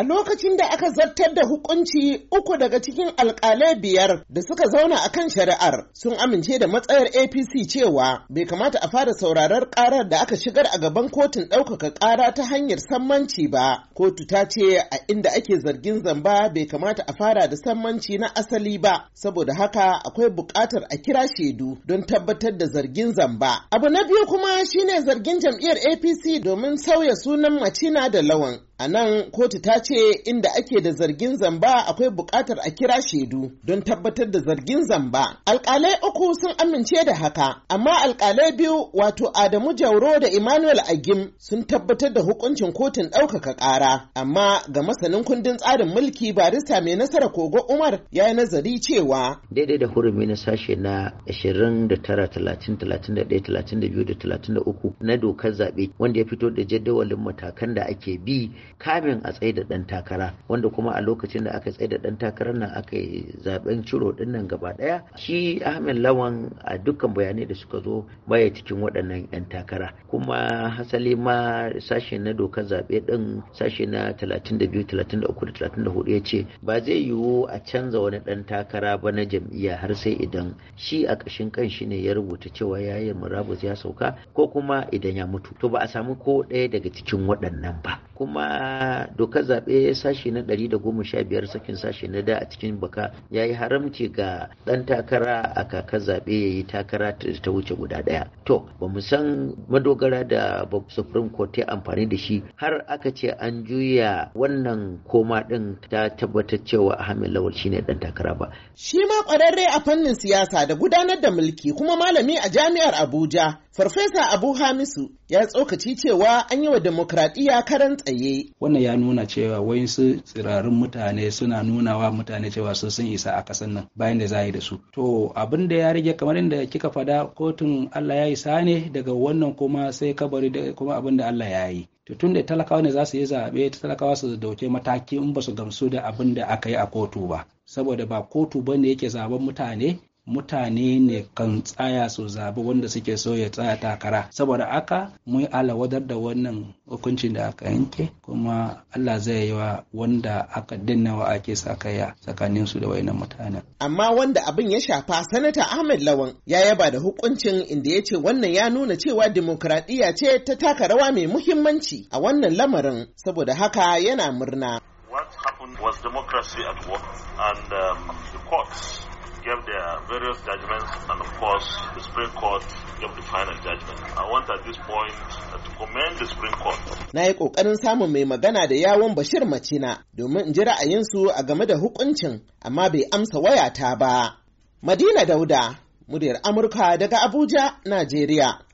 A lokacin da aka zartar da hukunci uku daga cikin alkalai biyar da suka zauna a kan shari'ar sun amince da matsayar APC cewa bai kamata a fara saurarar karar da aka shigar a gaban kotun ɗaukaka kara ta hanyar sammanci ba. Kotu ta ce a inda ake zargin zamba bai kamata a fara da sammanci na asali ba, saboda haka akwai buƙatar a kira shaidu don tabbatar da zargin zamba. Abu na biyu kuma shine zargin jam'iyyar APC domin sauya sunan Macina da Lawan. A nan kotu ta ce inda ake da zargin zamba akwai buƙatar a kira shaidu don tabbatar da zargin zamba. Alƙalai uku sun amince da haka, amma alƙalai biyu wato Adamu Jauro da Emmanuel Agim sun tabbatar da hukuncin kotun ɗaukaka ƙara. Amma ga masanin kundin tsarin mulki barista mai nasara Kogo Umar ya yi nazari cewa. Daidai da hurumi na sashe na 29, 31, 32 33 na dokar zaɓe wanda ya fito da jadawalin matakan da ake bi kamin a tsaye da ɗan takara wanda kuma a lokacin da aka tsaye da ɗan takarar nan aka yi zaben ciro ɗin nan gaba ɗaya shi ahmed lawan a dukkan bayanai da suka zo baya cikin waɗannan 'yan takara kuma hasali ma sashe na dokar zaɓe ɗin sashe na 32 33 da 34 ya ce ba zai yiwu a canza wani ɗan takara ba na jam'iyya har sai idan shi a ƙashin kan shi ne ya rubuta cewa ya yi murabus ya sauka ko kuma idan ya mutu to ba a samu ko ɗaya daga cikin waɗannan ba kuma a dokar zaɓe sashi na ɗari da 115 sakin sashi na da a cikin baka ya yi haramci ga ɗan takara a kakar zaɓe ya yi takara ta wuce guda ɗaya to ba mu san madogara da supreme court ya amfani da shi har aka ce an juya wannan koma ɗin ta tabbatar cewa ahmed lawal shi ne ɗan takara ba shi ma ƙwararre a fannin siyasa da gudanar da mulki kuma malami a jami'ar abuja Farfesa Abu Hamisu ya tsokaci cewa an yi wa demokradiyya karan tsaye. Wannan ya nuna cewa wayansu tsirarin mutane suna nuna wa mutane cewa sun sun isa a kasan nan bayan da za yi da su. To abin da ya rage kamar inda kika fada kotun Allah ya isa ne daga wannan kuma sai kabari da kuma abin da Allah ya yi. to tun da talakawa ne za su yi zaɓe talakawa su dauke mataki in ba su gamsu da abin da aka yi a kotu ba saboda ba kotu ba ne yake zaben mutane mutane ne kan tsaya su zabi wanda suke so ya tsaya takara saboda aka mun alawadar da wannan hukuncin da aka yanke kuma Allah zai yi wa wanda aka wa ake ya tsakanin su da wayannan mutanen amma wanda abin ya shafa sanata Ahmed Lawan ya yaba da hukuncin inda ya ce wannan ya nuna cewa demokradiyya ce ta taka rawa mai muhimmanci a wannan lamarin saboda haka yana murna what happened was democracy at work and um, the courts gave their various judgments, and of course, the Supreme Court gave the final judgment. I want at this point uh, to commend the Supreme Court. Na yi ƙoƙarin samun mai magana da yawon Bashir Macina domin in ji ra'ayinsu a game da hukuncin, amma bai amsa wayata ba. Madina Dauda, muryar Amurka daga Abuja, Najeriya.